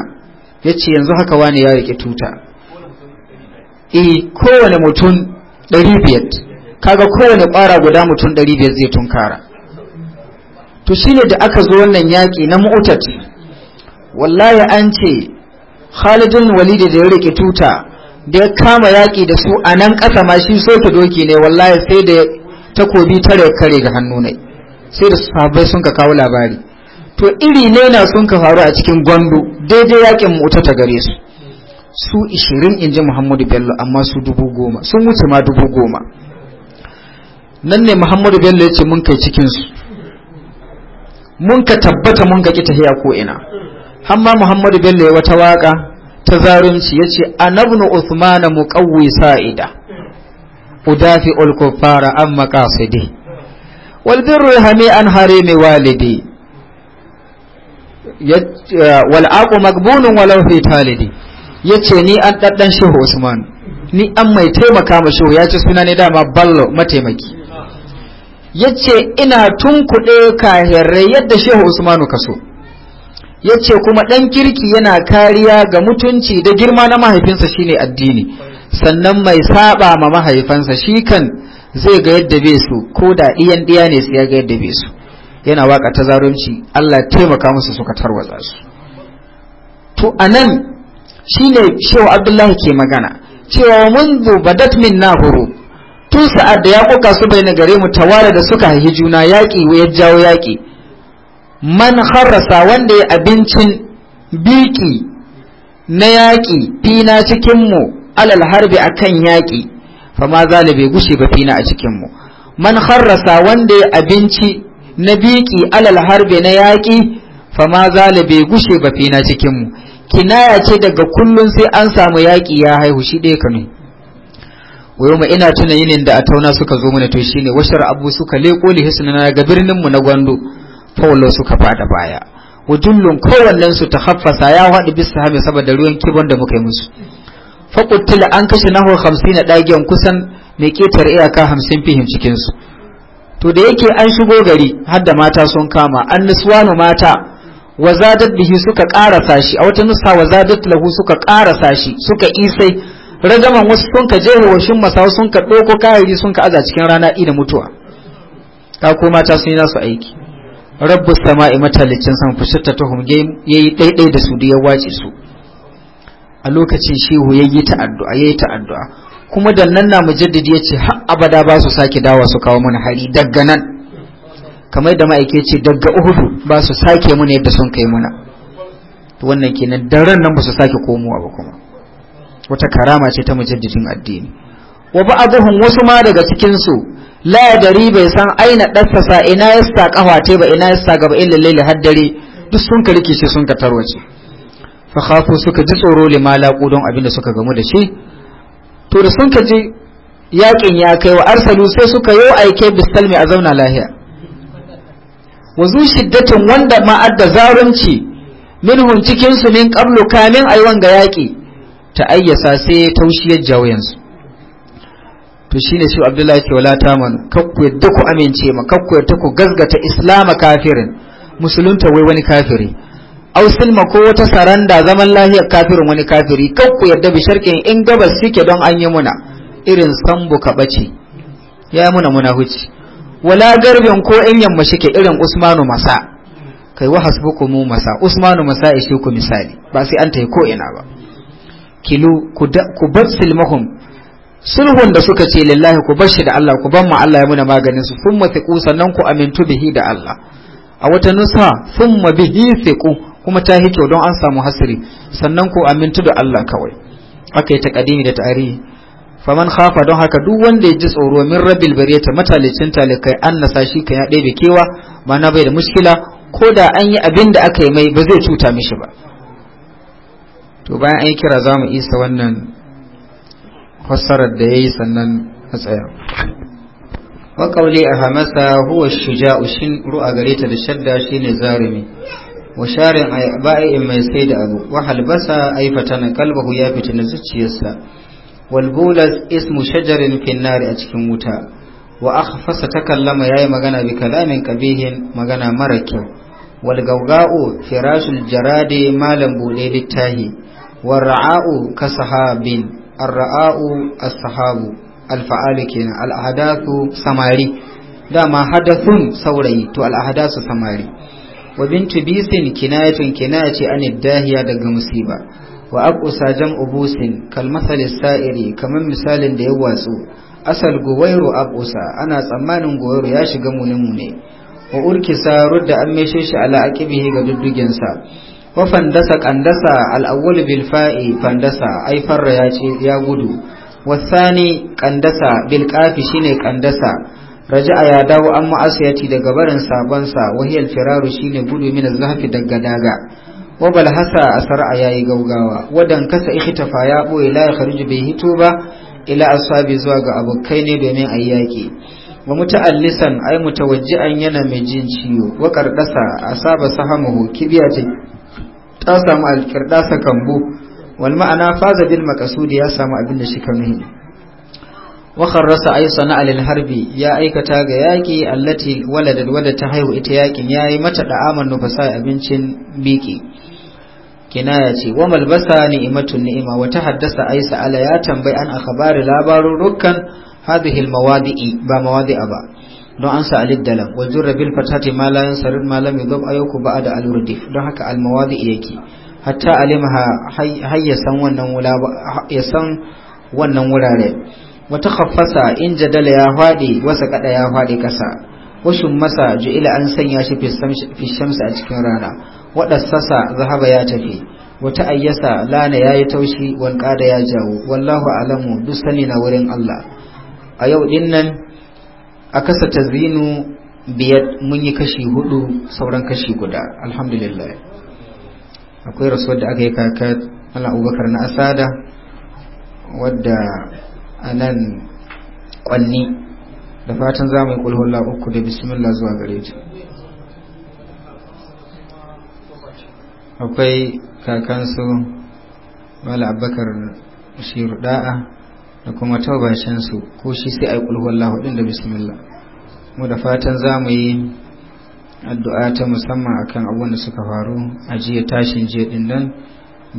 yace yanzu haka wani ya rike tuta eh kowane mutum 500 kaga kowane ƙwara guda mutum ɗari biyar zai tunkara to shine da aka zo wannan yaki na mu'utat wallahi an ce khalidun walidi da ya rike tuta da ya kama yaƙi da su a nan ƙasa ma shi soke doki ne wallahi sai da takobi tare kare ga hannu ne sai da sahabbai sun ka kawo labari to iri ne na sun ka faru a cikin gwando daidai yakin mu'utat ta gare su su ishirin in muhammadu bello amma su dubu goma sun wuce ma dubu goma nan ne muhammadu bello ya ce mun kai cikinsu mun ka tabbata mun ka kita hiya ko ina hamma muhammadu bello ya wata waka ta zarunci ya ce anabnu uthmana muqawwi sa'ida udafi ul an maqasidi wal birru hami an harimi walidi wal aqu magbunun walau fi talidi yace ni an daddan shehu usman ni an mai taimaka ma shehu ya ce suna ne dama ballo mataimaki yace ina kuɗe kahirai yadda shehu usmanu kaso yace kuma ɗan kirki yana kariya ga mutunci da girma na mahaifinsa shine addini sannan mai saba ma mahaifansa shi kan zai ga yadda bai su ko da ɗiyan ɗiya ne su ya ga yadda bai su yana waka ta zarunci Allah taimaka musu suka tarwatsa su to anan shine shehu abdullahi ke magana cewa منذ بدت من نهرو tun sa'ad da yaƙuka su bai na gare mu tawara da suka haihi juna yaƙi ya jawo yaƙi man harasa wanda ya abincin biki na yaƙi fina cikinmu alal harbi akan yaƙi ma zalibe gushe ba fina a cikinmu man harasa wanda ya abinci na biki alal harbi na yaƙi ma zalibe gushe ba fina cikinmu kinaya ce daga kullum sai an samu yaƙi ya haihu shi ɗaya kanu wayoma ina tuna yinin da a tauna suka zo mana to shine washar abu suka leko li na ga birnin mu na gwando fawallo suka fada baya wujullun kowannen su hafasa ya hadu bisa sahami saboda ruwan kibon da muka yi musu fa qutila an kashe nahu 50 dagiyan kusan mai ketar iyaka 50 fihim cikin su to da yake an shigo gari har da mata sun kama an niswanu mata wazadat bihi suka karasa shi a wata nusa wazadat lahu suka karasa shi suka isai rajaman wasu sun ka je washin masa sun ka ɗauko kayayyaki sun ka aza cikin rana ina mutuwa ta ko mata sun yi nasu aiki rabbu sama'i matalicin san fushitta ya yayi daidai da su da ya wace su a lokacin shehu yayi ta addu'a yayi ta addu'a kuma da nan na ya ce har abada ba su sake dawa su kawo mana hari daga nan kamar da ma'aikaci ce daga uhudu ba su sake mana yadda sun kai mana. to wannan kenan daren nan ba su sake komowa ba kuma wata karama ce ta mujaddidin addini wa ba'dhum wasu ma daga cikin su la dari bai san aina sa ina yasta kafa kafate ba ina yasta gaba illa laili haddare duk sun ka rikice sun ka tarwace fa khafu suka ji tsoro lima malaku don abin da suka gamu da shi to da sun ka ji yakin ya kai wa arsalu sai suka yo aike bisalmi a zauna lahiya wazu shiddatin wanda ma'adda zarunci minhum cikin su min qablu kamin ayi wanga yaki ta ayyasa sai taushiyar jawayensu to shine shi abdullahi ce wala taman kakku yadda ku amince ma kakku yadda ku gazgata islama kafirin musulunta wai wani kafiri aw silma ko wata saranda zaman lahiyar kafirin wani kafiri kakku yadda bi sharqin in gabas suke don an yi muna irin sambu ka bace ya muna muna huci wala garbin ko in yamma shike irin usmanu masa kai wa hasbukum masa usmanu masa ishe ku misali ba sai an tayi ko ina ba kilu ku bar silmahum sulhun da suka ce lillahi ku bar shi da Allah ku bar mu Allah ya muna maganin su thumma thiqu sannan ku amintu bihi da Allah a wata nusa thumma bihi thiqu kuma ta hito don an samu hasiri sannan ku amintu da Allah kawai aka yi takadimi da tarihi faman khafa don haka duk wanda ya ji tsoro min rabbil bariyata matalicin talikai an nasa shi kan ya ɗebe kewa ma'ana bai da mushkila ko da an yi abin da aka yi mai ba zai cuta mishi ba to bayan an yi kira za mu isa wannan fassarar da ya yi sannan a tsaya wa kauli a hamasa huwa shuja'u shin ru'a gare ta da shadda shine zarumi wa sharin ba'in mai sai da abu wa halbasa aifata na kalbahu ya fita na zuciyarsa Walbulas ismu shajarin finnari a cikin wuta wa akhfasa takallama yayi magana bi kalamin qabihin magana mara kyau wal gawga'u firashul jarade malam bude littahi warra'a'u ka sahabin arra'a'u as-sahabu alfa'alu kenan al'adathu samari dama hadathun saurayi to al'adathu samari wa bintu bisin kinayatun kinaya ce anid dahiya daga musiba wa aqusa jam'u busin kal masali kaman misalin da ya watsu asal guwairu Ab'usa ana tsammanin guwairu ya shiga mune mune wa urkisa rudda an meshe shi ala aqibihi ga duddugensa wa fandasa kandasa al'awwal bil fa'i fandasa ai farra ya ce ya gudu wasani kandasa bilkafi shine kandasa raja'a ya dawo an ma'asiyati daga barin sabon sa wahiyar firaru shine gudu min zafi daga daga wa a hasa asra yayi gaugawa wadan kasa ikhtafa ya ɓoye la bai bi hito ba ila ashabi zuwa ga abokai ne domin ayyaki wa muta'allisan ay an yana mai jin ciwo wa kardasa asaba sahamuhu kibiya ta samu alkirdasa kambu wal ma'ana faza bil makasudi ya samu abin da shi kanuhi wa kharrasa ay sana'a lil harbi ya aikata ga yaki allati waladad wada ta haihu ita yakin yayi mata da'aman nufasa abincin biki ya ce wa malbasa ni'imatun ni'ima wa ta haddasa aisa ala ya tambayi an akhbari labarurrukan hadhihi mawadi'i ba mawadi'a ba don an sa alif dalam wa jurra bil fatati ma la yansarid ma lam yudab ayuku ba'da al rudif don haka al mawadi yake hatta alimaha ya san wannan wula ya san wannan wurare wa khaffasa in jadala ya fadi wasa kada ya fadi kasa washin masa ju'ila an sanya shi fi shamsi a cikin rana wadassasa zahaba ya tafi wata ayyasa lana yayi taushi wanka da ya jawo wallahu alamu duk sani na wurin Allah a yau dinnan a kasa ta zinu biyar mun yi kashi hudu sauran kashi guda alhamdulillah akwai rasuwar da aka yi kaka ala abubakar na asada wadda a nan kwanni da fatan za mu yi kulhulla uku da bismillah zuwa gare ta akwai kakansu mala abubakar shiru da'a da kuma taubashinsu ko shi sai a yi ƙulhuwallahu ɗin da bismillah mu da fatan za mu yi addu'a ta musamman akan abun da suka faru a jiya tashin jiya ɗin nan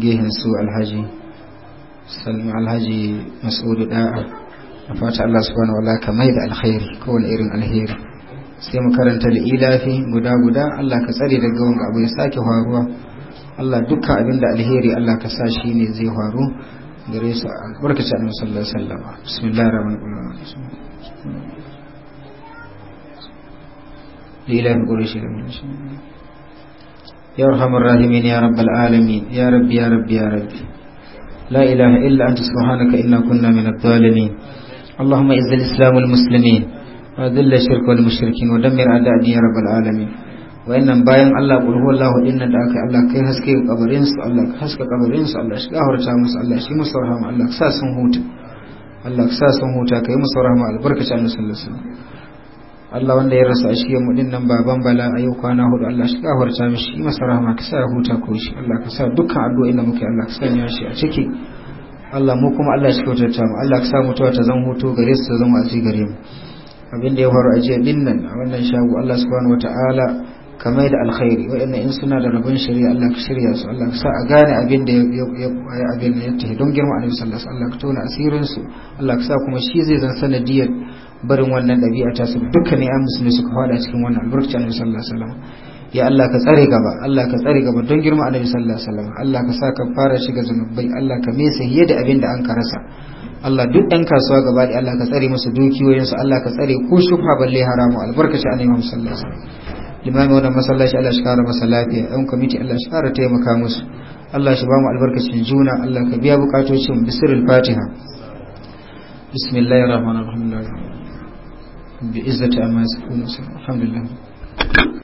gehen su alhaji salmi alhaji masudu da'a da fata allah subhanahu wala ka mai da alkhairi kowane irin alheri sai mu karanta da ilafi guda guda allah ka tsare daga wanga abu ya sake faruwa allah dukkan abin da alheri allah ka sa shi ne zai faru gare sa albarkaci annabi sallallahu alaihi wasallam bismillahir rahmanir rahim لإله قريش يا أرحم الراحمين يا رب العالمين يا رب يا رب يا رب لا إله إلا أنت سبحانك إنا كنا من الظالمين اللهم إذ الإسلام والمسلمين وذل الشرك والمشركين ودمر أعداءني يا رب العالمين wayannan bayan Allah qul huwallahu inna da aka Allah kai haske kabarin su Allah haske kabarin su Allah shiga horta musu Allah shi musu rahama Allah sa sun huta Allah sa sun huta kai musu rahama albarkaci Annabi sallallahu alaihi wasallam Allah wanda ya rasa shi mu nan baban bala ayu kwana hudu Allah shiga horta mishi shi musu rahama ka sa ya huta ko shi Allah ka sa dukkan addu'o'in da muke Allah ka sanya shi a ciki Allah mu kuma Allah shi ta mu Allah ka sa mutuwa ta zan hutu gare su ta zama a gare mu abin da ya faru a jiya nan a wannan shago Allah subhanahu wataala kamar da alkhairi wa'anda in suna da rabon shari'a Allah ka shirya su Allah ka sa a gane abin da ya abin da ya tafi don girma annabi sallallahu alaihi wasallam Allah ka tona asirin su Allah ka sa kuma shi zai zan sanadiyar barin wannan dabi'a ta su ne ya musulmi suka fada cikin wannan albarkaci annabi sallallahu alaihi wasallam ya Allah ka tsare gaba Allah ka tsare gaba don girma annabi sallallahu alaihi wasallam Allah ka sa ka fara shiga zanubai Allah ka mesa hiye da abin da an ka rasa Allah duk ɗan kasuwa gaba da Allah ka tsare musu dukiyoyinsu Allah ka tsare ko shubha balle haramu albarkaci annabi sallallahu alaihi wasallam limamin wannan masallaci Allah shi kara masa lafiya ɗan kwamiti Allah shi kara taimaka musu Allah shi ba mu albarkacin juna Allah ka biya bukatocin bisirul fatiha bismillahir rahmanir rahim bi izzati amma yasifun alhamdulillah